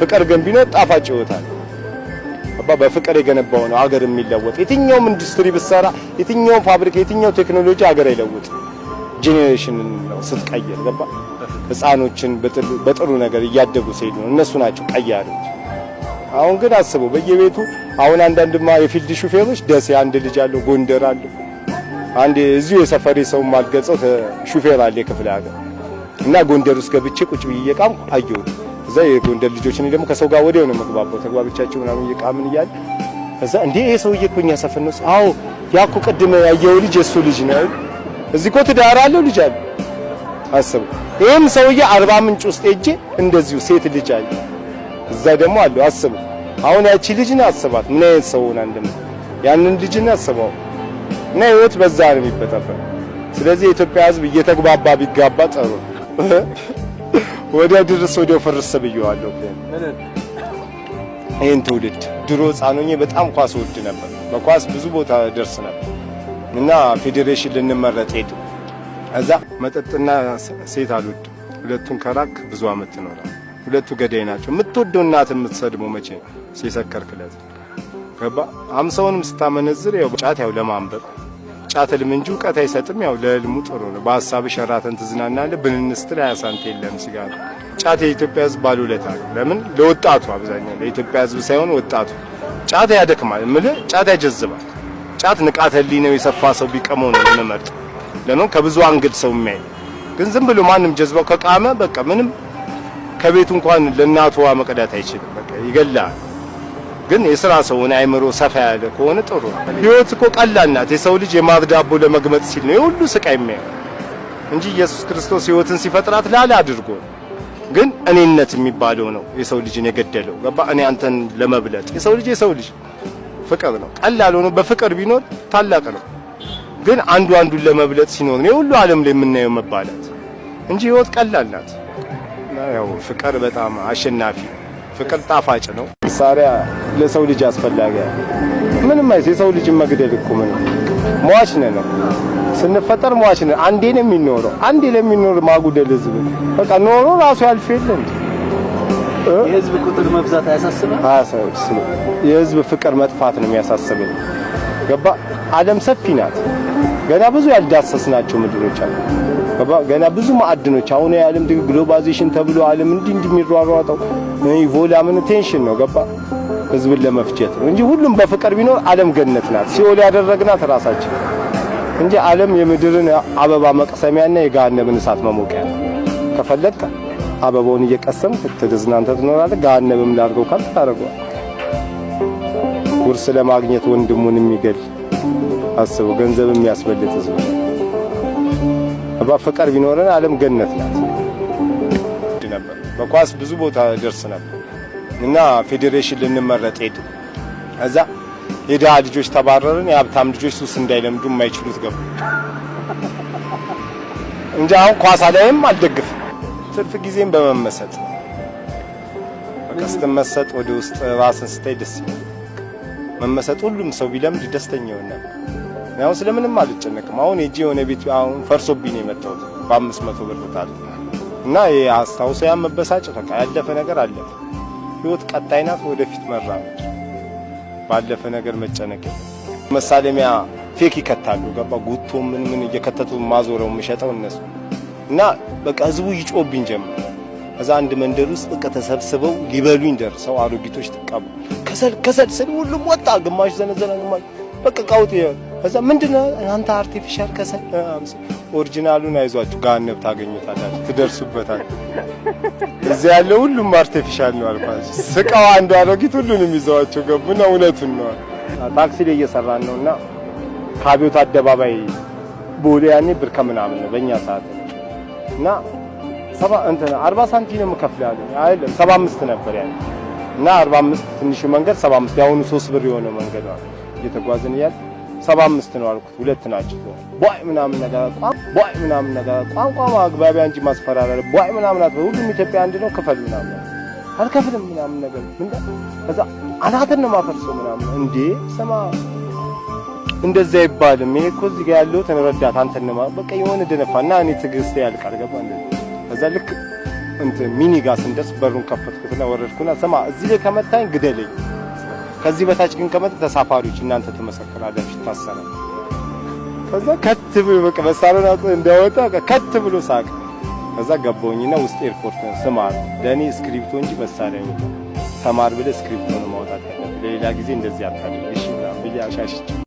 ፍቅር ግን ቢኖር ጣፋጭ ይወታል። አባ በፍቅር የገነባው ነው አገር የሚለወጥ። የትኛውም ኢንዱስትሪ ብትሰራ፣ የትኛውም ፋብሪካ፣ የትኛው ቴክኖሎጂ አገር አይለውጥ። ጄኔሬሽን ነው ስትቀየር። ገባ ህፃኖችን በጥሩ ነገር እያደጉ ሲሄዱ ነው እነሱ ናቸው ቀያሪዎች። አሁን ግን አስበው በየቤቱ አሁን አንዳንድማ የፊልድ ሹፌሮች ደሴ አንድ ልጅ አለው፣ ጎንደር አለው፣ አንድ እዚሁ የሰፈሬ ሰው ማልገጸው ሹፌር አለ የክፍለ ሀገር እና ጎንደር ውስጥ ገብቼ ቁጭ ብዬ እየቃምኩ አየሁት። ከዛ የጎንደር ልጆች እኔ ደግሞ ከሰው ጋር ወዲያው ነው መግባባው ተግባብቻቸው ምናምን እየቃምን እያለ ከዛ እንዴ ይሄ ሰውዬ እኮ እኛ ሰፈር ነው። አዎ ያኩ ቅድም ያየው ልጅ የሱ ልጅ ነው። እዚህ እኮ ትዳር አለው ልጅ አለ አሰቡ። ይሄም ሰውዬ አርባ ምንጭ ውስጥ ሄጄ እንደዚሁ ሴት ልጅ አለ። እዛ ደግሞ አለው አስቡ። አሁን ያቺ ልጅ ነው አስባት ምን አይነት ሰው ሆና እንደም ያንን ልጅ ነው አስበው እና ህይወት በዛ ነው የሚበጠበጥ። ስለዚህ የኢትዮጵያ ህዝብ እየተግባባ ቢጋባ ጥሩ ወዲያ ድረስ ወዲያው ፈረሰ ብየዋለሁ። ይህን ትውልድ ድሮ ጻኖኜ በጣም ኳስ ወድ ነበር። በኳስ ብዙ ቦታ ደርስ ነበር እና ፌዴሬሽን ልንመረጥ ሄድ እዛ መጠጥና ሴት አልወድም። ሁለቱን ከራክ ብዙ አመት ትኖራል። ሁለቱ ገዳይ ናቸው። የምትወደው እናት የምትሰድበው መቼ ነው? ሲሰከርክለት ገባ አምሳውንም ስታመነዝር ያው ጫት ያው ለማንበብ ቅርጫት ህልም እንጂ እውቀት አይሰጥም። ያው ለህልሙ ጥሩ ነው። በሀሳብ ሸራተን ትዝናናለህ። ብንንስትር ያሳንት የለም ሲጋ ጫት የኢትዮጵያ ህዝብ ባለውለታ ነው። ለምን ለወጣቱ አብዛኛው ለኢትዮጵያ ህዝብ ሳይሆን ወጣቱ ጫት ያደክማል፣ ምል ጫት ያጀዝባል። ጫት ንቃተ ህሊናው የሰፋ ሰው ቢቀመው ነው የምመርጥ። ለምን ከብዙ አንግድ ሰው የሚያይ ግን ዝም ብሎ ማንም ጀዝባው ከቃመ በቃ ምንም ከቤቱ እንኳን ለእናቷ መቅዳት አይችልም። በቃ ይገላል። ግን የስራ ሰውን አይምሮ ሰፋ ያለ ከሆነ ጥሩ ነው። ህይወት እኮ ቀላል ናት። የሰው ልጅ የማር ዳቦ ለመግመጥ ሲል ነው የሁሉ ስቃይ የሚያየው እንጂ ኢየሱስ ክርስቶስ ህይወትን ሲፈጥራት ላለ አድርጎ ግን እኔነት የሚባለው ነው የሰው ልጅን የገደለው። ገባ እኔ አንተን ለመብለጥ የሰው ልጅ የሰው ልጅ ፍቅር ነው። ቀላል ሆኖ በፍቅር ቢኖር ታላቅ ነው። ግን አንዱ አንዱን ለመብለጥ ሲኖር ነው የሁሉ ዓለም ላይ የምናየው መባላት እንጂ ህይወት ቀላል ናት። ያው ፍቅር በጣም አሸናፊ ፍቅር ጣፋጭ ነው። መሳሪያ ለሰው ልጅ አስፈላጊ ምንም አይሰ የሰው ልጅ መግደል እኮ ምን ሟች ነን ስንፈጠር ሟች ነን። አንዴ ነው የሚኖረው። አንዴ ለሚኖር ማጉደል ህዝብ በቃ ኖሮ ራሱ ያልፍ እንዴ? የህዝብ ቁጥር መብዛት አያሳስብም። የህዝብ ፍቅር መጥፋት ነው የሚያሳስበኝ። ገባ? ዓለም ሰፊ ናት። ገና ብዙ ያልዳሰስናቸው ምድሮች አሉ። ገና ብዙ ማዕድኖች አሁን የዓለም ግሎባሊዜሽን ተብሎ ዓለም እንዲህ እንዲህ የሚሯሯጠው ኢቮላ ምን ቴንሽን ነው ገባ ህዝብን ለመፍጀት ነው እንጂ ሁሉም በፍቅር ቢኖር ዓለም ገነት ናት። ሲኦል ያደረግናት ራሳችን እንጂ ዓለም የምድርን አበባ መቅሰሚያና የገሃነምን እሳት መሞቂያ ነው። አበባውን እየቀሰም ተዝናንተ ትኖራለህ። ገሃነምም ላድርገው ካል ታደርገዋለህ። ውርስ ለማግኘት ወንድሙን የሚገል አስበው፣ ገንዘብ የሚያስበልጥ ህዝብ ፍቅር ቢኖረን ዓለም ገነት ናት ነበር። በኳስ ብዙ ቦታ ደርስ ነበር እና ፌዴሬሽን ልንመረጥ ሄድ እዛ የድሃ ልጆች ተባረርን። የሀብታም ልጆች ሱስ እንዳይለምዱ የማይችሉት ገቡ እንጂ አሁን ኳሳ ላይም አልደግፍም። ትርፍ ጊዜም በመመሰጥ በቃ ስትመሰጥ ወደ ውስጥ ራስን ስታይ ደስ ይላል። መመሰጥ ሁሉም ሰው ቢለምድ ደስተኛ ነበር። ያው ስለምንም አልጨነቅም። አሁን እጂ የሆነ ቤት አሁን ፈርሶብኝ ነው የመጣሁት በአምስት መቶ ብር ብታል እና አስታውሰ ያ መበሳጨት በቃ ያለፈ ነገር አለፈ። ህይወት ቀጣይ ናት። ወደፊት መራመድ ባለፈ ነገር መጨነቅ መሳለሚያ ፌክ ይከታሉ። ገባ ጉቶ ምን ምን እየከተቱ ማዞረው የሚሸጠው እነሱ እና በቃ ህዝቡ ይጮብኝ ጀመረ። እዛ አንድ መንደር ውስጥ በቃ ተሰብስበው ሊበሉኝ ደርሰው አሮጊቶች ተቀቡ። ከሰል ከሰል ስል ሁሉም ወጣ። ግማሽ ዘነዘና፣ ግማሽ በቃ ቃውት እዛ ምንድነው አንተ አርቲፊሻል ከሰል ኦሪጂናሉን አይዟችሁ ጋነብ ታገኙታላችሁ፣ ትደርሱበታል። እዚህ ያለው ሁሉም አርቲፊሻል ነው አልኳቸው። ስቃው አንዱ አሮጊት ሁሉንም ይዘዋቸው ነው እውነቱን ነው ታክሲ ላይ እየሰራን ነውና ከአብዮት አደባባይ ቦሌ ያኔ ብር ከምናምን ነው በእኛ ሰዓት እና ሰባ እንትን 40 ሳንቲም ነው የምከፍለው አይደለም 75 ነበር ያኔ እና 45 ትንሹ መንገድ 75 ያሁኑ 3 ብር የሆነ መንገድ ነው እየተጓዝን እያልን ሰባ አምስት ነው አልኩት። ሁለት ናቸው ቧይ ምናምን ነገር ቋንቋ ቦይ ምናምን ነገር ቋንቋ ማግባቢያ እንጂ ማስፈራሪያ ቧይ ምናምን አትበል። ሁሉም ኢትዮጵያ አንድ ነው። ክፈል ምናምን አልከፍልም ምናምን ነገር እንደ ከዛ አናትን ነው ማፈርሰው ምናምን እንዴ ሰማ እንደዛ አይባልም። ይሄ እኮ እዚህ ጋር ያለው ተረዳት አንተ ነው በቃ የሆነ ደነፋ እና እኔ ትዕግስት ያልቃል ገባ እንዴ ከዛ ልክ እንትን ሚኒ ጋር ስንደርስ በሩን ከፈትኩትና ወረድኩና ሰማ እዚህ ላይ ከመታኝ ግደለኝ ከዚህ በታች ግን ከመጣ ተሳፋሪዎች እናንተ ትመሰክራላችሁ፣ ይታሰራል። ከዛ ከት ብሎ በቃ መሳሪያውን አውጥቶ እንዳወጣ ከት ብሎ ሳቅ። ከዛ ገባውኝና ውስጥ ኤርፖርት ነው ስም አሉ ለእኔ እስክሪፕቶ እንጂ መሳሪያ ተማር ብለህ እስክሪፕቶ ነው ማውጣት ለሌላ ጊዜ እንደዚህ አታድርግ እሺ ብላ ብዬ አሻሽቼ